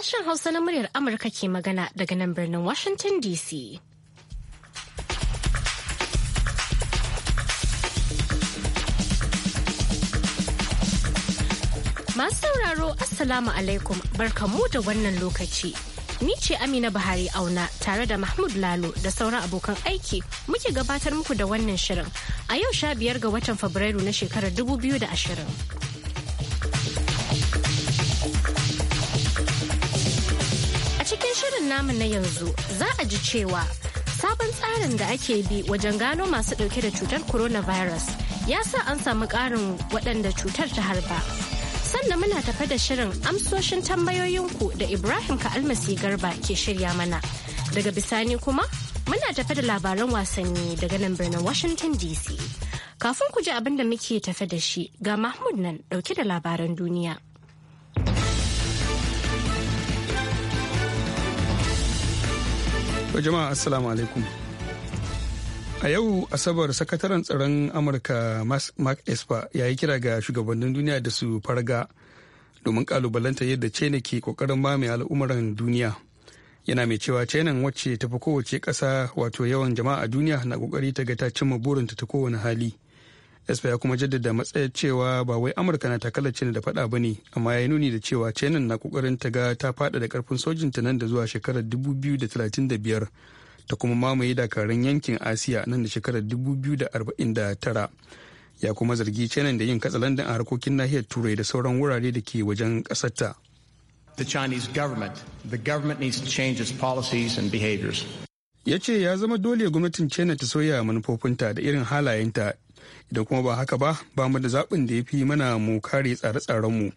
Sashen Hausa na muryar Amurka ke magana daga nan birnin Washington DC. Masu sauraro Assalamu alaikum barkamu da wannan lokaci. Ni ce Amina Buhari auna tare da Mahmud Lalo da sauran abokan aiki muke gabatar muku da wannan shirin a yau sha biyar ga watan Fabrairu na shekarar 2020. shirin namu na yanzu za a ji cewa sabon tsarin da ake bi wajen gano masu ɗauke da cutar coronavirus ya sa an samu ƙarin waɗanda cutar ta harba. Sannan muna tafe da shirin amsoshin tambayoyinku da Ibrahim ka Almasi Garba ke shirya mana. Daga bisani kuma muna tafe da labaran wasanni daga nan birnin Washington DC. Kafin ku ji abin da muke tafe da shi ga Mahmud nan ɗauke da labaran duniya. jama'a assalamu alaikum a yau asabar sakataren tsaron amurka mark esper ya yi kira ga shugabannin duniya da su farga domin kalubalanta yadda china ke kokarin mamaye al'umuran duniya yana mai cewa china wacce tafi kowace ƙasa wato yawan jama'a duniya na kokari ta ga ta cimma burinta ta kowane hali espa ya kuma jaddada matsayar cewa ba wai amurka na takalar china da fada ba ne amma ya nuni da cewa china na kokarin ta ga ta fada da karfin sojinta nan da zuwa shekarar 2035 ta kuma mamaye dakarun yankin asiya nan da shekarar 2049 ya kuma zargi china da yin katsalandan a harkokin nahiyar turai da sauran wurare da ke wajen ƙasarta. The Chinese government, the government needs to change its policies and behaviors. ya ce ya zama dole gwamnatin china ta soya manufofinta da irin halayenta idan kuma ba haka ba ba mu da zaɓin da ya fi mana mu kare tsare-tsarenmu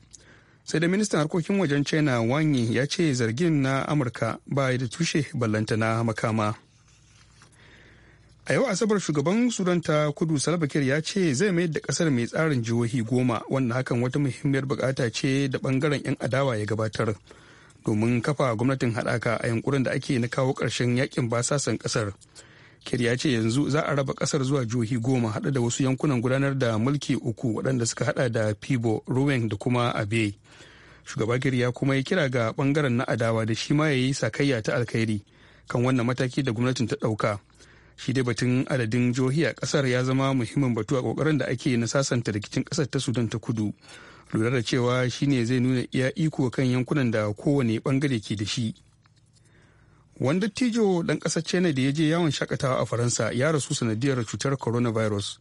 sai da ministan harkokin wajen china wanyi ya ce zargin na amurka ba da tushe ballanta na makama a yau asabar shugaban sudan ta kudu salbakir ya ce zai mayar da kasar mai tsarin jihohi goma wanda hakan wata muhimmiyar bukata ce da bangaren 'yan adawa ya gabatar domin kafa gwamnatin haɗaka a yankunan da ake na kawo ƙarshen yakin basasan ƙasar kir ya ce yanzu za a raba ƙasar zuwa jihohi goma haɗe da wasu yankunan gudanar da mulki uku waɗanda suka haɗa da pibo ruwen da kuma abe shugaba kir ya kuma ya kira ga ɓangaren na adawa da shi ma ya yi sakayya ta alkhairi kan wannan mataki da gwamnatin ta ɗauka shi dai batun adadin jihohi a ƙasar ya zama muhimmin batu a ƙoƙarin da ake na sasanta rikicin ƙasar ta sudan ta kudu lura da cewa shi ne zai nuna iya iko kan yankunan da kowane bangare ke da shi wani dattijo dan kasar china da ya je yawon shakatawa a faransa ya rasu sanadiyar cutar coronavirus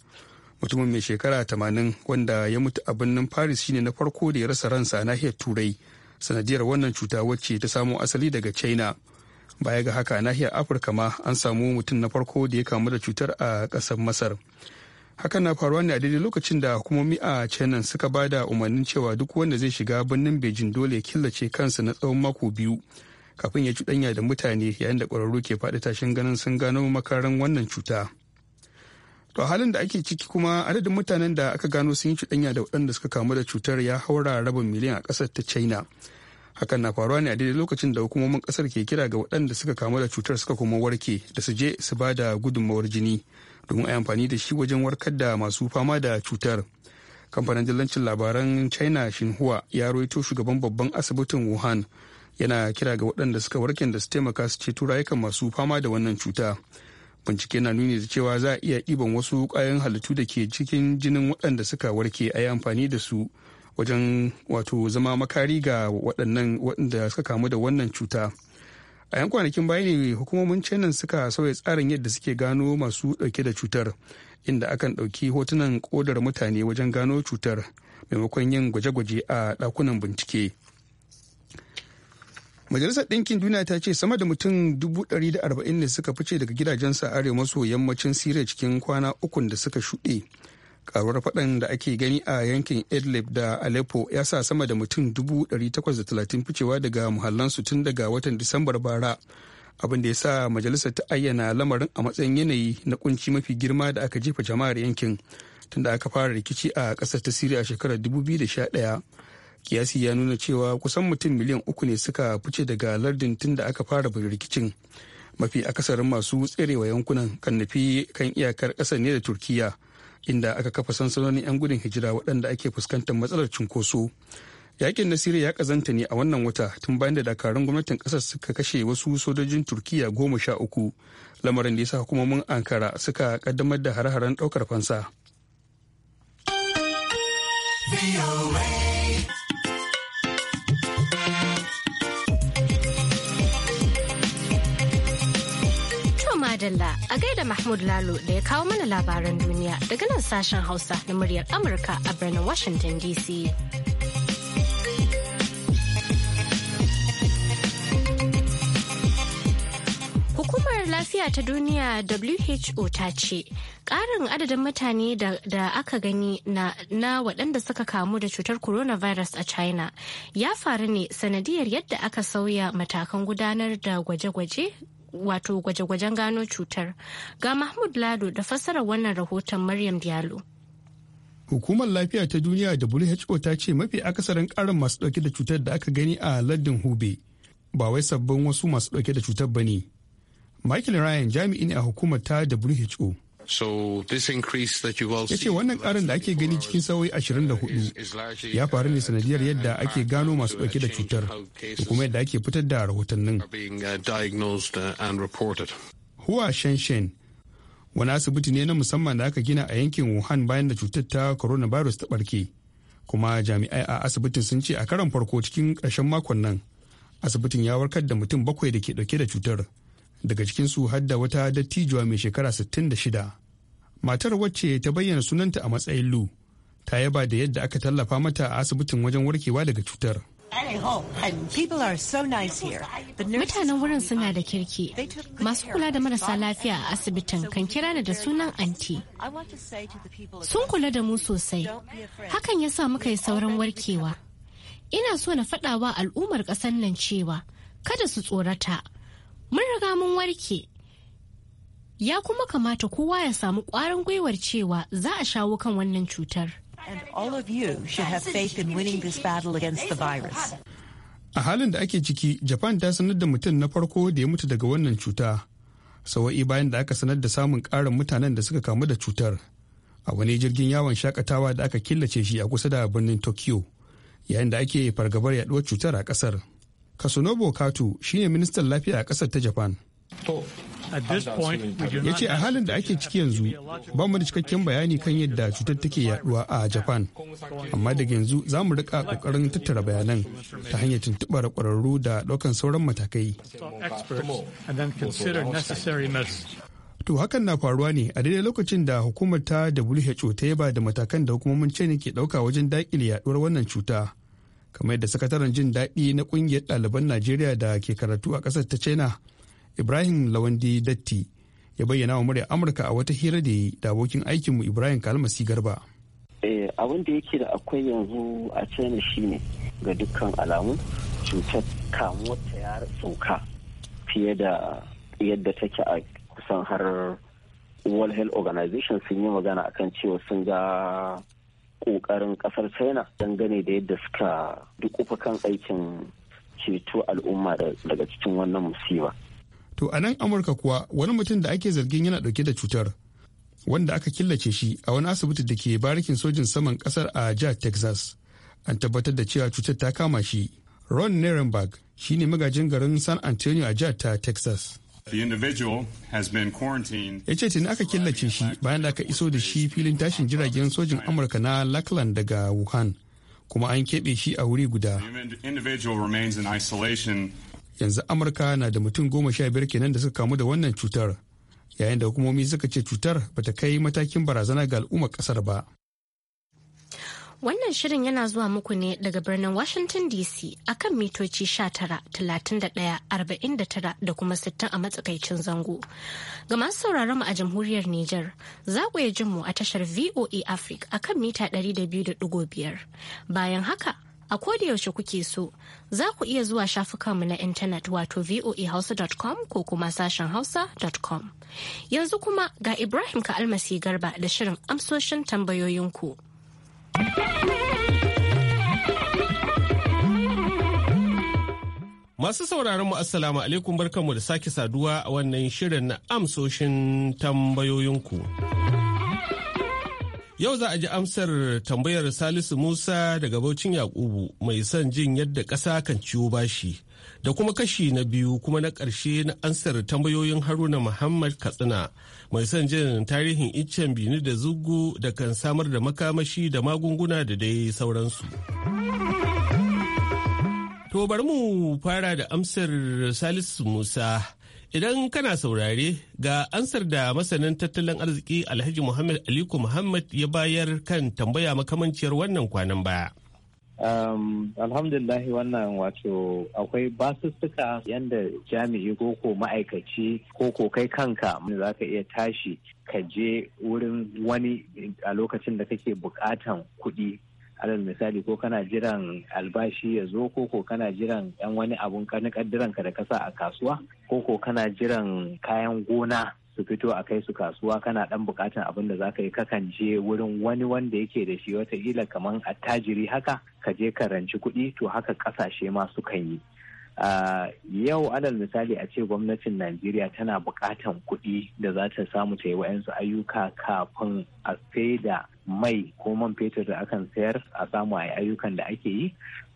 mutumin mai shekara 80 wanda ya mutu a birnin paris shine na farko da ya rasa ransa a nahiyar turai sanadiyar wannan cuta wacce ta samo asali daga china baya ga haka a nahiyar afirka ma an samu mutum na farko da ya kamu da cutar a ƙasar masar hakan na faruwa ne a daidai lokacin da hukumomi a china suka ba da umarnin cewa duk wanda zai shiga birnin beijing dole ya killace kansa na tsawon mako biyu kafin ya cuɗanya da mutane yayin da kwararru ke faɗi tashin ganin sun gano makaran wannan cuta to halin da ake ciki kuma adadin mutanen da aka gano sun yi cuɗanya da waɗanda suka kamu da cutar ya haura rabin miliyan a ƙasar ta china hakan na faruwa ne a daidai lokacin da hukumomin ƙasar ke kira ga waɗanda suka kamu da cutar suka kuma warke da su je su ba da gudunmawar jini domin a amfani da shi wajen warkar da masu fama da cutar kamfanin dillancin labaran china shinhua ya roito shugaban babban asibitin wuhan yana kira ga waɗanda suka warken da su taimaka su ceto rayukan masu fama da wannan cuta bincike na nuni da cewa za a iya ɗiban wasu ƙwayoyin halittu da ke cikin jinin waɗanda suka warke a yi amfani da su wajen wato zama makari ga waɗannan waɗanda suka kamu da wannan cuta. a yan kwanakin baya ne hukumomin china suka sauya tsarin yadda suke gano masu dauke da cutar inda akan dauki hotunan kodar mutane wajen gano cutar maimakon yin gwaje-gwaje a dakunan bincike majalisar ɗinkin duniya ta ce sama da mutum 140 ne suka fice daga gidajensu a arewa maso yammacin siriya cikin kwana ukun da suka shuɗe karuwar faɗan da ake gani a yankin idlib da aleppo ya sa sama da mutum 830 ficewa daga muhallansu tun daga watan disambar bara abin da ya sa majalisar ta ayyana lamarin a matsayin yanayi na kunci mafi girma da aka jefa jama'ar yankin da aka fara rikici a ƙasar ta siriya a shekarar 2011 kiyasi ya nuna cewa kusan mutum miliyan uku ne suka fice daga lardin tun da aka fara rikicin mafi akasarin masu tserewa yankunan kan nufi kan iyakar ƙasar ne da turkiyya. inda aka kafa sansanonin 'yan gudun hijira waɗanda ake fuskantar matsalar cunkoso yakin na siriya ya kazanta ne a wannan wata tun bayan da dakarun gwamnatin ƙasar suka kashe wasu sojojin turkiya goma sha uku lamarin da ya sa hukumomin ankara suka kaddamar da hare-haren ɗaukar fansa. Madalla a gaida Mahmud Lalo da ya kawo mana labaran duniya daga nan sashen Hausa na muryar Amurka a birnin Washington DC. Hukumar lafiya ta duniya WHO ta ce ƙarin adadin mutane da, aka gani na, na waɗanda suka kamu da cutar coronavirus a China ya faru ne sanadiyar yadda aka sauya matakan gudanar da gwaje-gwaje wato gwaje-gwajen gano cutar. Ga Mahmud Lado da fassarar wannan rahoton Maryam Diallo. Hukumar lafiya ta duniya WHO ta ce mafi akasarin karin masu dauke da cutar da aka gani a lardin hube ba wai sabbin wasu masu dauke da cutar ba ne. Michael Ryan jami'i ne a hukumar ta WHO. so this ya ce wannan karin da ake gani cikin sauyi 24 ya faru ne sanadiyar yadda ake gano masu dauke da cutar da kuma yadda ake fitar da rahotannin uh, uh, huwa shenshen wani asibiti ne na musamman da aka gina a yankin wuhan bayan da cutar ta coronavirus ta barke kuma jami'ai a asibitin sun ce a karan farko cikin ƙarshen makon nan asibitin ya warkar da mutum bakwai da ke dauke da cutar daga cikinsu har da wata dattijuwa mai shekara 66 matar wacce ta bayyana sunanta a matsayin lu ta yaba da yadda aka tallafa mata a asibitin wajen warkewa daga cutar Mutanen wurin suna da kirki. Masu kula da marasa lafiya a asibitin kan kira ni da sunan anti. Sun kula da mu sosai. Hakan ya sa muka yi sauran warkewa. Ina so na faɗawa al'ummar ƙasar nan cewa kada su tsorata. mun riga mun warke ya kuma kamata kowa ya samu ƙwarin gwiwar cewa za a shawo kan wannan cutar. A halin da ake ciki, Japan ta sanar da mutum na farko da ya mutu daga wannan cuta. Sawa'i bayan da aka sanar da samun ƙarin mutanen da suka kamu da cutar. A wani jirgin yawon shakatawa da aka killace shi a kusa da birnin Tokyo, yayin da ake fargabar yaduwar cutar a ƙasar. Kasunobo Kato shine ministan lafiya a ƙasar ta Japan. ya ce a halin da ake ciki yanzu ba mu da cikakken bayani kan yadda cutar take yaduwa a japan amma daga yanzu za mu rika kokarin tattara bayanan ta hanyar tuntubar kwararru da daukan sauran matakai to hakan na faruwa ne a daidai lokacin da hukumar ta who ta yaba da matakan da hukumomin China ke dauka wajen daƙile yaduwar wannan cuta kamar yadda sakataren jin daɗi na ƙungiyar ɗaliban najeriya da ke karatu a ƙasar ta china ibrahim lawandi datti ya bayyana wa murya amurka a wata hira da yi da abokin aikinmu ibrahim kalmasi garba eh, abin da yake da akwai yanzu a china shine ga dukkan alamu cutar kamuwar ta ya sauka fiye da yadda take a kusan har world health organization sun yi magana akan cewa sun ga kokarin kasar china dangane da yadda suka dukufa kan aikin ceto al'umma daga cikin wannan musiba to a nan amurka kuwa wani mutum da ake zargin yana dauke da cutar wanda aka killace shi a wani asibiti da ke barikin sojin saman kasar a jihar texas an tabbatar da cewa cutar ta kama shi ron nirenberg shine magajin garin san antonio a jihar ta texas Ya ce tun aka killace shi bayan da aka iso da shi filin tashin jiragen sojin Amurka na lakland daga Wuhan, kuma an keɓe shi a wuri guda. Yanzu Amurka na da mutum goma sha biyar kenan da suka kamu da wannan cutar, yayin da hukumomi suka ce cutar bata kai matakin barazana ga al'ummar kasar ba. Wannan shirin yana zuwa muku ne daga birnin Washington DC a kan mitoci 19,31,49 da kuma 60 a matsakaicin zango. Ga masu sauraron mu a jamhuriyar Nijar, za ku jin mu a tashar VOA Africa a kan mita 200.5. Bayan haka, a koda yaushe kuke so, za ku iya zuwa shafukanmu na intanet wato voahausa.com ko kuma sashen hausa.com. Yanzu kuma ga Ibrahim Ka'almasi Garba da shirin amsoshin tambayoyinku. Masu sauraron mu assalamu alaikum barkanmu da sake saduwa a wannan shirin na amsoshin tambayoyinku. Yau za a ji amsar tambayar Salisu Musa daga Bauchin Yakubu mai son jin yadda ƙasa kan ciwo bashi da kuma kashi na biyu kuma na ƙarshe na ansar tambayoyin haruna muhammad katsina mai son jin tarihin iccen bini da zugu da kan samar da makamashi da magunguna da dai sauransu to bari mu fara da amsar salisu musa idan kana saurare ga ansar da masanin tattalin arziki alhaji muhammad aliko muhammad ya bayar kan tambaya makamanciyar wannan kwanan baya Um, alhamdulillah wannan wato akwai basussuka yadda jami'i ko ko ma'aikaci ko ko kai kanka za ka iya tashi ka je wurin wani a lokacin da kake bukatan kuɗi alal misali ko kana jiran albashi ya zo ko ko kana jiran yan wani abun kaddiran ka da kasa a kasuwa ko ko kana jiran kayan gona su fito a kai su kasuwa kana dan bukatan abin da zaka yi kakan je wurin wani wanda yake da shi wataƙila kamar attajiri haka ka je ka ranci kuɗi to haka ƙasashe ma su kan yi yau alal misali a ce gwamnatin najeriya tana bukatan kuɗi da za ta samu ta yi wa'yansu ayyuka kafin a da mai ko man fetur da akan sayar a samu a ayyukan da ake yi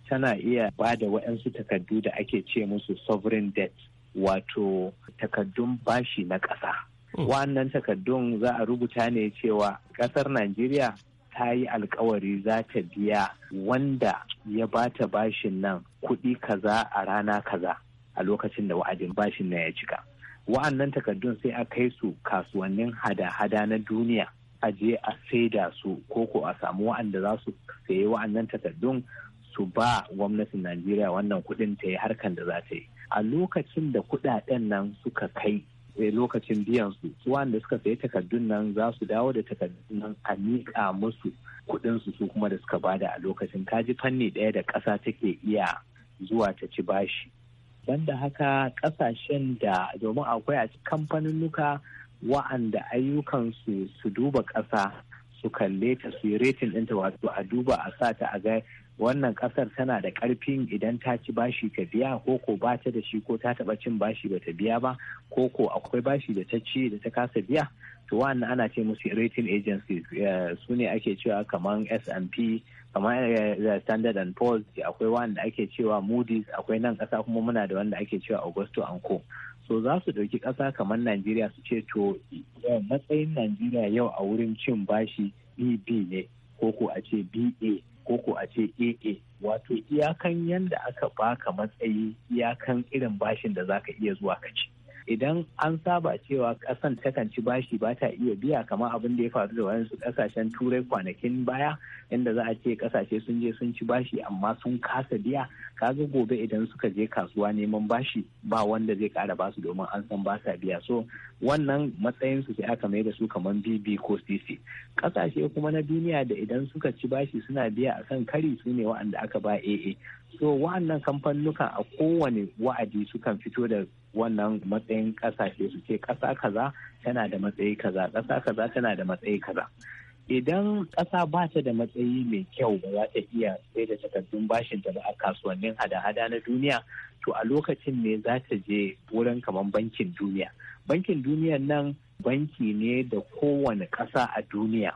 tana iya ba da yansu takardu da ake ce musu sovereign debt wato takardun bashi na ƙasa. Hmm. Wannan takardun za a rubuta ne cewa ƙasar Najeriya ta yi alkawari za ta biya wanda ya ba ta bashin nan kuɗi kaza a rana kaza a lokacin da wa'adin bashin na ya cika. Wa'annan takardun sai a kai su kasuwannin hada-hada na duniya a je a saida su ko ko a samu wa'anda za su sayi wa'annan takardun su ba gwamnatin Najeriya wannan kuɗin ta yi harkan da za ta yi. a lokacin da kudaden nan suka kai eh, lokacin biyan su da suka sayi takardun nan za su dawo da takardun nan a miƙa musu kuɗinsu su su kuma da suka bada a lokacin kaji fanni ɗaya da ƙasa take iya zuwa ta ci bashi banda haka ƙasashen da domin akwai a nuka wa'anda ayyukansu su duba ƙasa su kalle ta su yi retin ɗinta wato a duba a sa ta a ga wannan kasar tana da karfin idan ta ci bashi ta biya ko ko ba ta da shi ko ta taba cin bashi ba ta biya ba ko ko akwai bashi da ta ci da ta kasa biya to wannan ana ce musu rating agencies eh, su ne ake cewa kamar S&P kamar eh, eh, Standard and Poor's akwai wanda ake cewa Moody's akwai nan kasa kuma muna da wanda ake cewa Augusto Anko so za su ɗauki ƙasa kamar Najeriya su ce to matsayin Najeriya yau a wurin cin bashi BB e ne ko ko a ce BA Koko a ce AA eh, eh, wato iyakan yanda aka baka matsayi iyakan irin bashin da zaka iya zuwa ka ci idan an saba cewa kasan takan ci bashi ba ta iya biya kamar abin da ya faru da wayansu kasashen turai kwanakin baya inda za a ce kasashe sun je sun ci bashi amma sun kasa biya ka ga gobe idan suka je kasuwa neman bashi ba wanda zai kara basu domin an san ba sa biya so wannan matsayin su sai aka mai da su kamar bb ko cc kasashe kuma na duniya da idan suka ci bashi suna biya a akan kari su ne wa'anda aka ba aa so wa'annan kamfanuka a kowane wa'adi sukan fito da wannan matsayin kasashe su ce kasa kaza tana da matsayi kaza ƙasa kaza tana da matsayi kaza idan ƙasa ba ta da matsayi mai kyau ba za ta iya sai da takardun bashin da ba a kasuwannin hada-hada na duniya to a lokacin ne za ta je wurin kamar bankin duniya bankin duniya nan banki ne da kowane ƙasa a duniya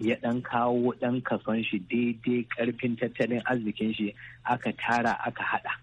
ya ɗan kawo ɗan kason shi daidai ƙarfin tattalin arzikin shi aka tara aka haɗa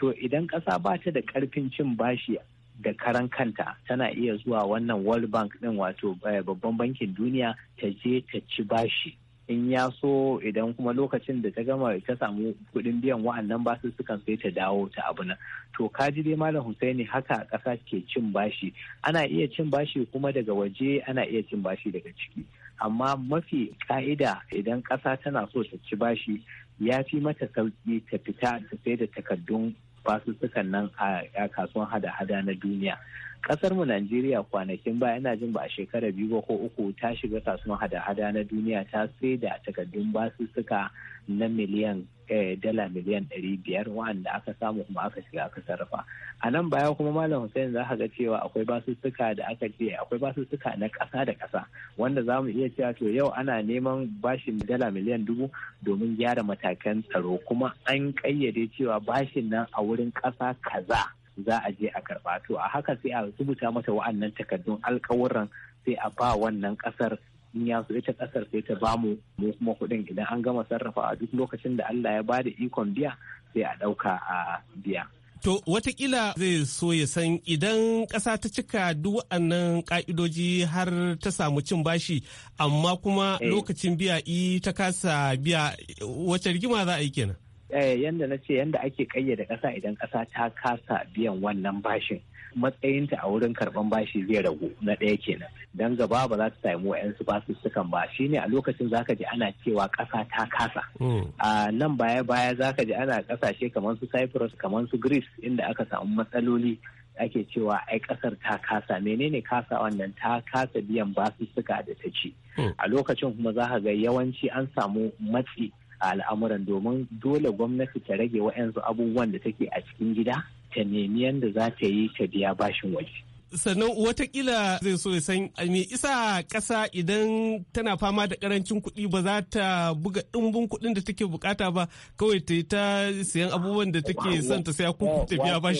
to idan ƙasa ba ta da ƙarfin cin bashi da karan kanta tana iya zuwa wannan world bank din wato eh, babban bankin duniya ta je ta ci bashi in ya so idan kuma lokacin da ta gama ta samu kudin biyan wa'annan ba su sukan sai ta dawo ta abu nan to kaji dai malam husaini haka ƙasa ke cin bashi ana iya cin bashi kuma daga waje ana iya cin bashi daga ciki amma mafi ka'ida idan ƙasa tana so ta ci bashi ya fi mata sauki ta fita ta sai da takardun fasussukan nan a kasuwan hada-hada na duniya kasar mu Najeriya kwanakin baya yana jin ba a shekara biyu ba ko uku ta shiga kasuwan hada-hada na duniya ta sai da takardun basussuka na miliyan eh, dala miliyan ɗari biyar wa'anda aka samu kuma aka shiga aka sarrafa a nan baya kuma malam hussein za ka ga cewa akwai basussuka da aka ce akwai basussuka na ƙasa da ƙasa wanda za mu iya cewa to yau ana neman bashin dala miliyan dubu domin gyara matakan tsaro kuma an ƙayyade cewa bashin nan a wurin ƙasa kaza za a je a karɓa to a haka sai a rubuta mata wa'annan takardun alkawuran sai a ba wannan ƙasar in ya so ita ƙasar sai ta ba mu mu kuma kuɗin idan an gama sarrafa a duk lokacin da Allah ya bada ikon biya sai a ɗauka a biya. To watakila zai so ya san idan ƙasa ta cika duk wa'annan ƙa'idoji har ta samu cin bashi amma kuma eh. lokacin biya ta kasa biya wacce rigima za a yi kenan. Eh, yanda na ce yanda ake kayyade kasa idan ƙasa ta kasa biyan wannan bashin matsayinta a wurin karban bashi zai ragu na ɗaya kenan don gaba ba za ta samu wa'yansu basu sukan ba shi ne a lokacin zaka ji ana cewa kasa ta kasa hmm. a nan baya baya zaka ji ana ƙasashe kamar su cyprus kamar su greece inda aka samu matsaloli ake cewa ai ƙasar ta kasa menene kasa wannan ta kasa biyan basussuka da ta ci hmm. a lokacin kuma za ga yawanci an samu matsi a al'amuran domin dole gwamnati ta rage wa'yansu abubuwan da take a cikin gida ta nemi yadda za ta yi ta biya bashin waje. sannan watakila zai so ya san me isa ƙasa idan tana fama da ƙarancin kuɗi ba za ta buga ɗumbin kuɗin da take bukata ba kawai ta yi ta siyan abubuwan da take son ta saya ko ta biya ba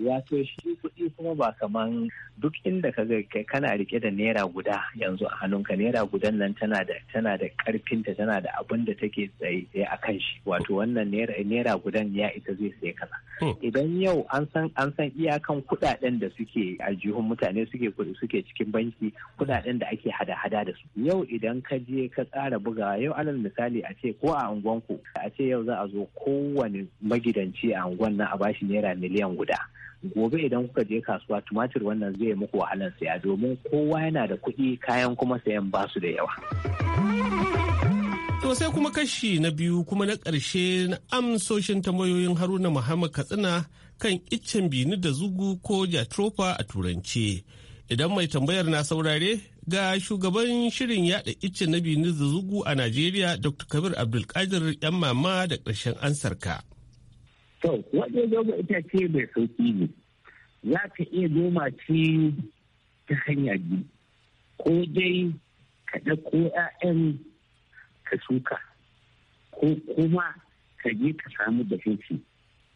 ya so shi kuɗi kuma ba kaman duk inda ka ga kana rike da naira guda yanzu a hannunka naira gudan nan tana da tana da karfinta tana da abin da take tsaye a kan shi wato wannan naira gudan ya ita zai sai kaza hmm. idan yau an san an san iyakan kuɗaɗen da suke aljihun mutane suke kuɗi suke cikin banki kuɗaɗen da ake hada-hada da su yau idan ka je ka tsara bugawa yau alal misali a ce ko a unguwanku. a ce yau za a zo kowane magidanci a unguwan nan a bashi naira miliyan guda gobe idan kuka je kasuwa tumatir wannan zai muku wahalar saya domin kowa yana da kuɗi kayan kuma sayan basu da yawa. To sai kuma kashi na biyu kuma na ƙarshe na amsoshin tambayoyin Haruna Muhammad Katsina kan iccen bini da zugu ko jatrofa a turance. Idan mai tambayar na saurare ga shugaban shirin yada iccen na bini da zugu a Najeriya Dr. Kabir Abdulkadir yan mama da ƙarshen ansarka. to wanda zoba itace mai sauki ne za ka iya noma ce ta hanya biyu ko dai ka ɗauko 'ya'yan ka shuka ko kuma ka je ka samu da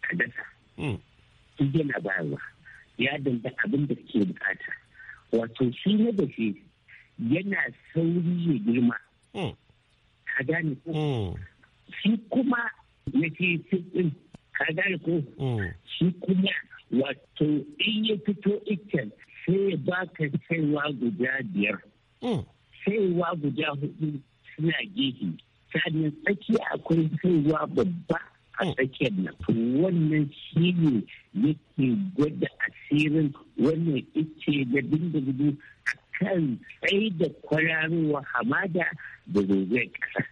ka dasa hmm. shi yana bayarwa ya danda abin da ke bukata wato shi na shi yana sauri ya girma hmm. ka gane ko hmm. shi kuma na ce ɗin ka gane ko mm. shi kuma wato in ya fito iccen sai ya baka saiwa guda biyar mm. saiwa guda hudu suna gehe sannan tsakiya akwai saiwa babba a mm. tsakiyar nan wannan shi ne yake gwada asirin wannan ice da dindindin a kan tsaye da kwararowa hamada da zozayar kasa.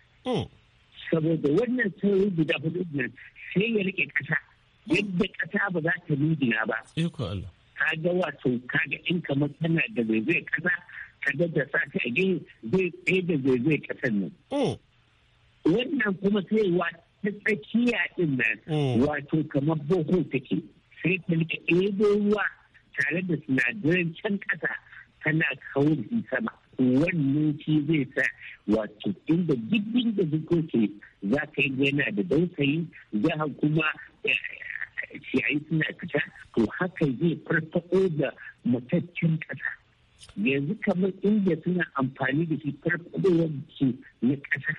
saboda wannan sauri guda hudu nan sai ya rike ƙasa yadda ƙasa ba za ta nuna ba ka ga wato ka ga in kamar tana da zai ƙasa ka ga da sa a gini zai tsaye da zai ƙasar nan mm. wannan kuma sai wa ta tsakiya din nan mm. wato kamar boko take sai ta rike ɗebo ruwa tare da sinadaran can ƙasa tana kawo sama wannan shi zai sa wato inda duk inda dukoke za ka yi yana da dausayi ka kuma eh, shi a yi suna fita to haka zai farfaɗo da mataccen ƙasa yanzu kamar inda suna amfani da shi farfaɗo wancan na ƙasa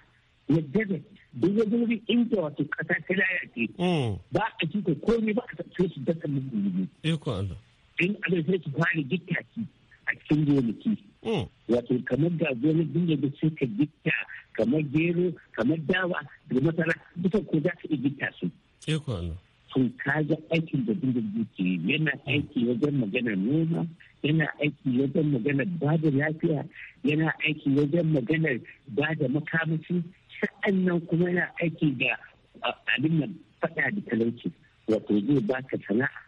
na dare duk wani wuri inda wato ƙasa ta lalace hmm. ba a ci ko komai ba a tafiye su dasa ne. in abin sai su fara gittaci a cikin gonaki Mm. wato kamar ga gonar dinga da sai ka gitta kamar gero kamar dawa da masara duka ko za ka iya gitta su to kaga aikin da dinga duke yana aiki wajen magana noma yana aiki wajen magana ba da lafiya yana aiki wajen magana ba da makamashi sa'annan kuma yana aiki da abin nan fada da talauci wato zai ba ka sana'a.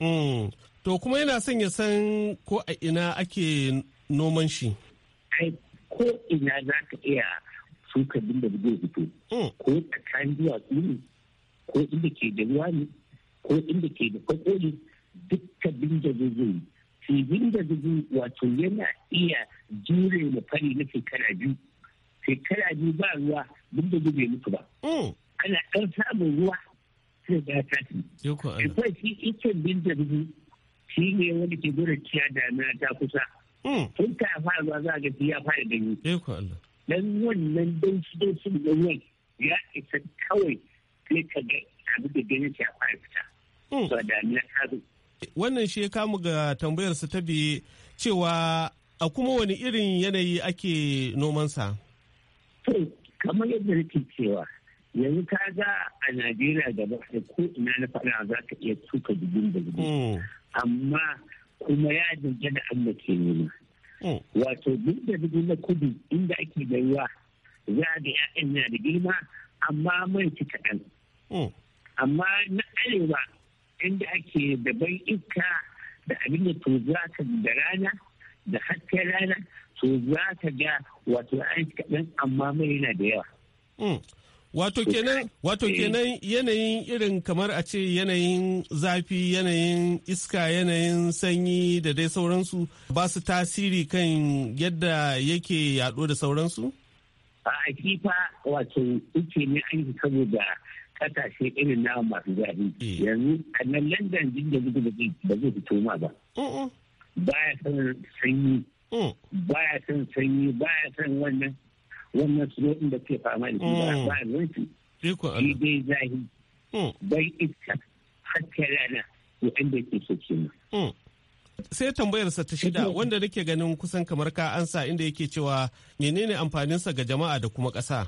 Mm. to kuma yana son ya san ko a ina ake noman shi? Kai ko ina za ka iya shuka din da zai fito. Hmm. Ko tsakanin duwatsu ne, ko inda ke da ruwa ne, ko inda ke da kwakwo ne, dukka din da zai Filin da zai wato yana iya jure da fari na shekara biyu. Shekara biyu ba ruwa din da zai mutu ba. Hmm. Ana ɗan samun ruwa sai da ta ci. Akwai shi ikin bin da shi ne wani ke gura ciya da na ta kusa. Sun hmm. ka fara ba za ga ya fara danyi. Dan wannan danshi danshi da ruwan ya isa kawai sai ka ga abu da ganin ya fara fita. Hmm. Ba da na Wannan shi ya kamu ga tambayarsa ta biye cewa a kuma wani irin yanayi ake nomansa? To, kamar yadda nake cewa yanzu ka ga a Najeriya gaba da ko ina na faɗa za ka iya tuka dubin da dubin. Hmm. Amma kuma ya danta da Allah ke nema. Hmm. Wato duk da duk na kudu inda ake da ruwa za ga ‘ya'yan na da girma amma mai ci kaɗan. Hmm. Amma na arewa inda ake da bai iska da abin da to za ka da rana da hasken rana to za ka ga wato ‘ya'yan kaɗan amma mai yana da yawa. Hmm. Wato eh. kenan wato eh. kenan yanayin irin kamar a ce yanayin zafi yanayin iska yanayin sanyi da dai sauransu ba su tasiri kan yadda yake yaɗo da sauransu? A kifa wato uke ne an yi saboda kasashe irin na masu zafi eh. yanzu kanan London jin da gudu ba zai fito ma ba. Baya son sanyi. Mm. Baya son sanyi baya son wannan wannan su in da ke fama da shi ba mm. a nufi shi dai zahi mm. bai iska hatta rana wanda ke so kenan. Mm. sai tambayarsa ta shida wanda nake ganin kusan kamar ka ansa inda yake cewa menene amfaninsa ga jama'a da kuma ƙasa.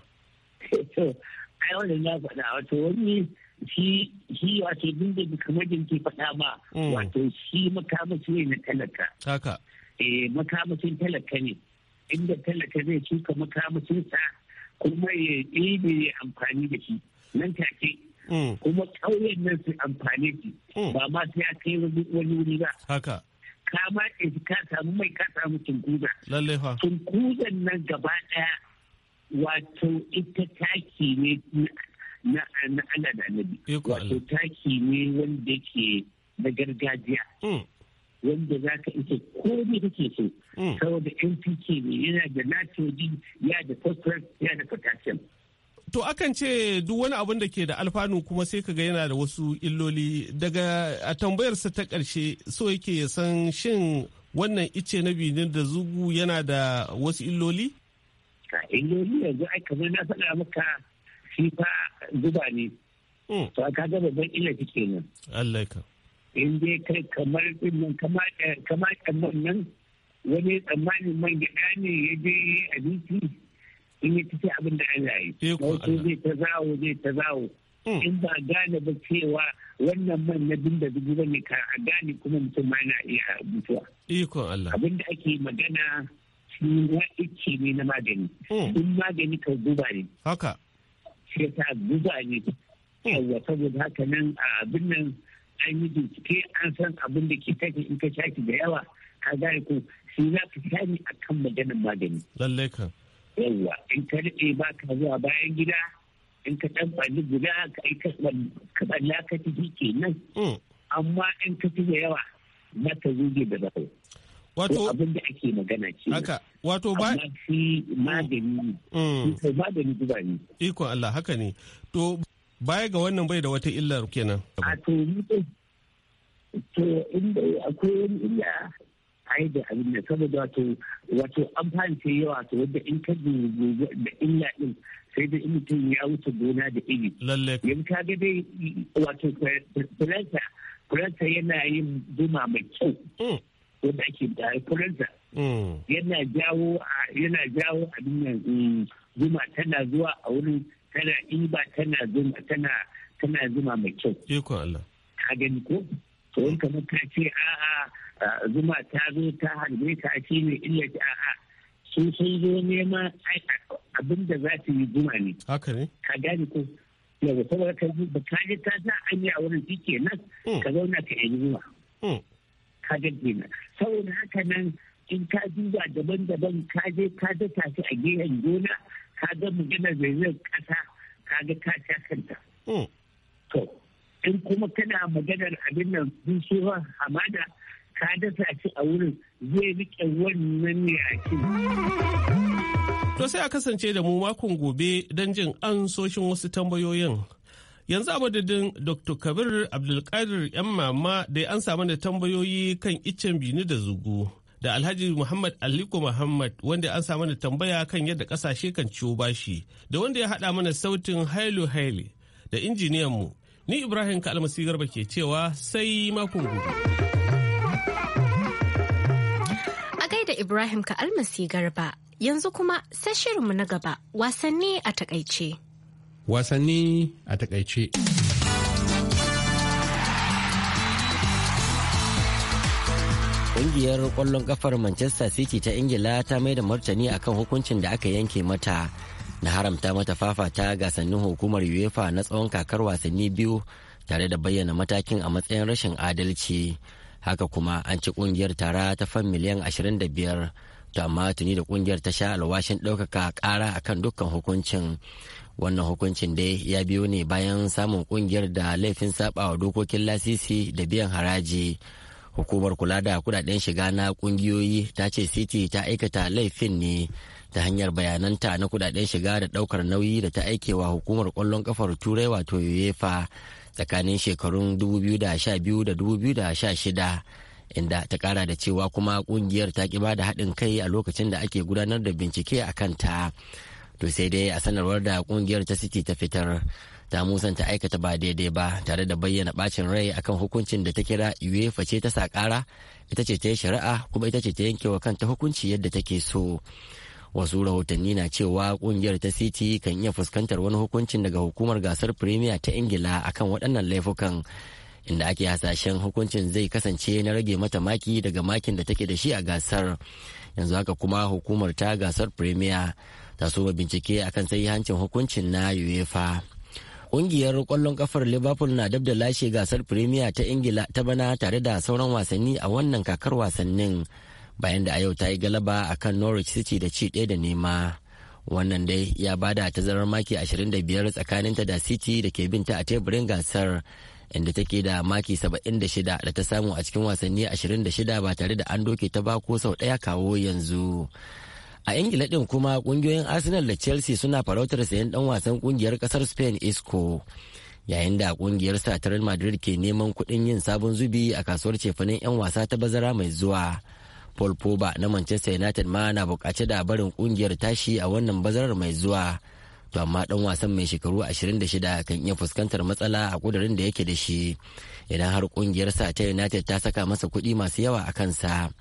ai wannan ya faɗa wato wani shi shi wato duk da kamar da ke faɗa ba wato shi makamashi ne na talaka. haka. eh makamashin talaka ne inda talaka zai shuka makamacinsa kuma ya ɗebe ya amfani da shi nan take hmm. kuma ƙauyen nan su amfani shi hmm. ba ma sai a kai wani wuri ba haka ka ma ka samu mai ka samu fa tunkuzan nan gaba ɗaya wato ita taki ne na ana da nabi wato taki ne wanda ke na gargajiya hmm. wanda za ka ita ne kake so hmm. saboda npk ne yana da nitrogen ya da phosphorus ya da potassium to akan ce duk wani abun da ke da alfanu kuma sai ka ga yana da wasu illoli daga a tambayarsa ta ƙarshe so yake ya san shin wannan ice na binin da zugu yana da wasu illoli? illoli yanzu ai kamar na faɗa maka shi fa zuba ne hmm. to ka gaba ban illa kenan Allah ka in dai kai kamar ɗin kamar ɗan nan wani tsammanin man gida ne ya je a biki in ya tafi abin da Allah yi. Wato zai ta zawo zai ta zawo. Hmm. In ba gane ba cewa wannan man na bin da zubi ne ka a gane kuma mutum ma na iya mutuwa. Ikon Allah. Abin da ake magana shi na ice ne na magani. Hmm. In magani ka guba ne. Haka. Sai ta guba ne. Hmm. Yawwa saboda haka nan a abin nan an yi ke an san abin da ke tafi in ka shaki da yawa ka gane ko shi za ka sani a kan maganin magani. Lallai ka. Yawwa in ka daɗe ba ka zuwa bayan gida in ka ɗan ɓalli guda ka yi ka ɓalla ka ke nan. Mm. Amma in ka fi da yawa za ka zuge da rawa. Wato abin da ake magana ce. Haka wato ba. Amma shi magani. Mm. Magani ne. Ikon Allah haka ne. To baya ga wannan bai da wata illar kenan a to to inda akwai wani illa a yi da abin da saboda wato wato amfani ta yawa to wanda in ka da illa din sai da mutum ya wuce gona da iri lalle yanzu ka ga dai wato fulansa fulansa yana yin zuma mai kyau mm. wanda ake da fulansa mm. yana jawo yana jawo abin nan mm, zuma tana zuwa a wurin tana ba tana zuma tana tana zuma mai kyau ikon Allah ka gani ko to in kamar ka ce a'a zuma ta zo ta harbe ta ake ne illa ta a'a sun sun zo nema abin da za su yi zuma ne haka ne ka gani ko yau saboda ka ji ba ka ji ta za a yi a wurin shi nan hmm. ka zauna ka yi zuma hmm. ka ga kenan saboda haka nan in ka duba daban-daban ka je ka da tafi a gehen gona ka ga maganar zai kasa ka ga ka sha kanta. Hmm. To, in kuma kana maganar abin nan bushewa hamada ka da tafi a wurin zai rike wannan yakin. To sai a kasance da mu makon gobe don jin an soshin wasu tambayoyin. yanzu a madadin dr kabir abdulkadir yan mama da an samu da tambayoyi kan icen bini da zugu da Alhaji Muhammad Aliko Muhammad wanda an samu da tambaya kan yadda kasashe kan ciwo bashi da wanda ya haɗa mana sautin Hailu Haile da injiniyan mu ni Ibrahim Kalmasi Garba ke cewa sai makon gobe. A gaida Ibrahim Kalmasi Garba yanzu kuma sai shirinmu na gaba wasanni a takaice. Wasanni a takaice. Ƙungiyar ƙwallon ƙafar Manchester City ta Ingila ta mai da martani akan hukuncin da aka yanke mata na haramta mata fafata gasannin hukumar UEFA na tsawon kakar wasanni biyu tare da bayyana matakin a matsayin rashin adalci. Haka kuma an ci ƙungiyar tara ta fan miliyan 25 to amma tuni da ƙungiyar ta sha alwashin ɗaukaka ƙara akan dukkan hukuncin. wannan hukuncin dai ya biyo ne bayan samun ƙungiyar da laifin sabawa dokokin lasisi da biyan haraji hukumar kula da kudaden shiga na kungiyoyi ta ce city ta aikata laifin ne ta hanyar bayananta na kudaden shiga da daukar nauyi da ta aikewa hukumar kwallon kafar turai wato uefa tsakanin shekarun 2012 da 2016 inda ta kara da cewa kuma kungiyar ta ki bada haɗin kai a lokacin da ake gudanar da bincike a kanta to sai dai a sanarwar da kungiyar ta city ta fitar ta musanta aikata ba daidai ba tare da bayyana bacin rai akan hukuncin da ta kira UEFA ce ta sakara ita ce ta yi shari'a kuma ita ce ta yanke wa kanta hukunci yadda take so wasu rahotanni na cewa kungiyar ta city kan iya fuskantar wani hukuncin daga hukumar gasar premier ta ingila akan waɗannan laifukan inda ake hasashen hukuncin zai kasance na rage mata maki daga makin da take da shi a gasar yanzu haka kuma hukumar ta gasar premier ta soma bincike akan sai hancin hukuncin na uefa Ƙungiyar kwallon kafar Liverpool na dab da lashe gasar Premier ta Ingila ta bana tare da sauran wasanni a wannan kakar wasannin bayan da a yau ta yi galaba a kan Norwich City da ci ɗaya da nema. Wannan dai ya bada tazarar maki 25 tsakaninta da City da ke binta a teburin gasar inda take da maki 76 da ta samu a cikin wasanni 26 ba tare da an doke ta ba ko sau ɗaya kawo yanzu. a ingila din kuma kungiyoyin arsenal da chelsea suna farautar sayan dan wasan kungiyar kasar spain isco yayin da kungiyar sa real madrid ke neman kuɗin yin sabon zubi a kasuwar cefanen 'yan wasa ta bazara mai zuwa paul pogba na manchester united ma na bukaci da barin kungiyar tashi a wannan bazarar mai zuwa to amma dan wasan mai shekaru 26 kan iya fuskantar matsala a kudurin da yake da shi idan har kungiyar ta united ta saka masa kuɗi masu yawa a kansa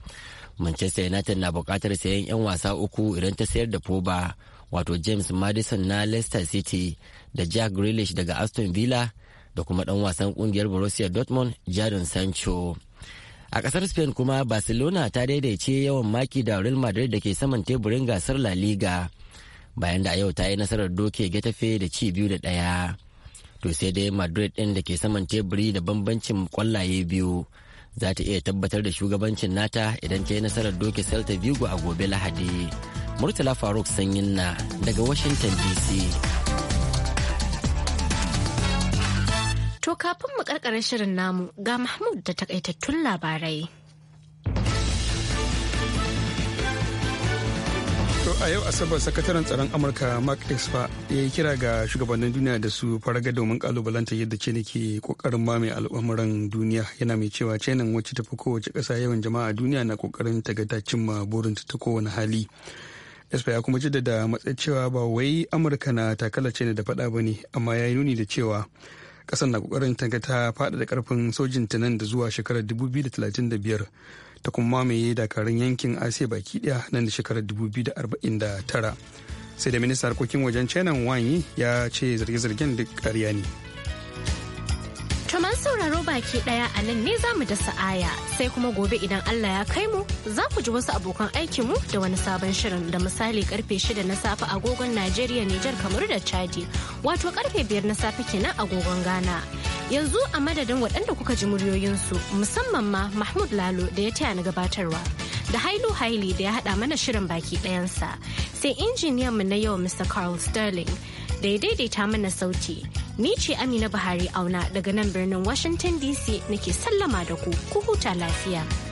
manchester united na bukatar sayan 'yan wasa uku idan ta sayar da foba wato james madison na leicester city da jack grealish daga aston villa da kuma dan wasan kungiyar borussia dortmund jadon sancho a kasar spain kuma barcelona ta daidaice yawan maki da real madrid da ke saman teburin gasar la liga bayan da a yau ta yi nasarar doke getafe da ci biyu da daya to sai dai madrid din da ke saman teburi da bambancin kwallaye biyu za ta iya tabbatar da shugabancin nata idan ta yi nasarar doke celta vigo a gobe lahadi murtala faruk sanyin na daga washington dc to kafin mu karkare shirin namu ga mahmud da takaitattun labarai a yau asabar sakataren tsaron amurka mark espa ya yi kira ga shugabannin duniya da su faraga domin kalubalanta yadda ce ke kokarin mamaye al'amuran duniya yana mai cewa china wacce ta fi kowace kasa yawan jama'a duniya na kokarin ta ga ta cimma burinta ta kowane hali espa ya kuma jaddada matsayin cewa ba wai amurka na takala china da faɗa ba ne amma ya yi nuni da cewa ƙasar na kokarin ta ga ta faɗaɗa ƙarfin sojin ta nan da zuwa shekarar biyar. ta kuma mamaye dakarun yankin asiya baki daya nan da shekarar 2049 sai da minista harkokin wajen china wanyi ya ce zarge-zargen duk ƙarya ne Tuman sauraro baki daya a nan ne za mu da sa'aya sai kuma gobe idan Allah ya kai mu za ku ji wasu abokan aikinmu da wani sabon shirin da misali karfe 6 na safe agogon Najeriya Nijar kamaru da Chadi wato karfe 5 na safe kenan agogon Ghana. yanzu a madadin waɗanda kuka ji muryoyinsu musamman ma mahmud lalo da ya taya na gabatarwa da hailu haili da ya haɗa mana shirin baki ɗayansa sai injiniyanmu na yau mr carl sterling da ya daidaita mana sauti ni ce amina buhari auna daga nan birnin washington dc nake sallama da ku ku huta lafiya.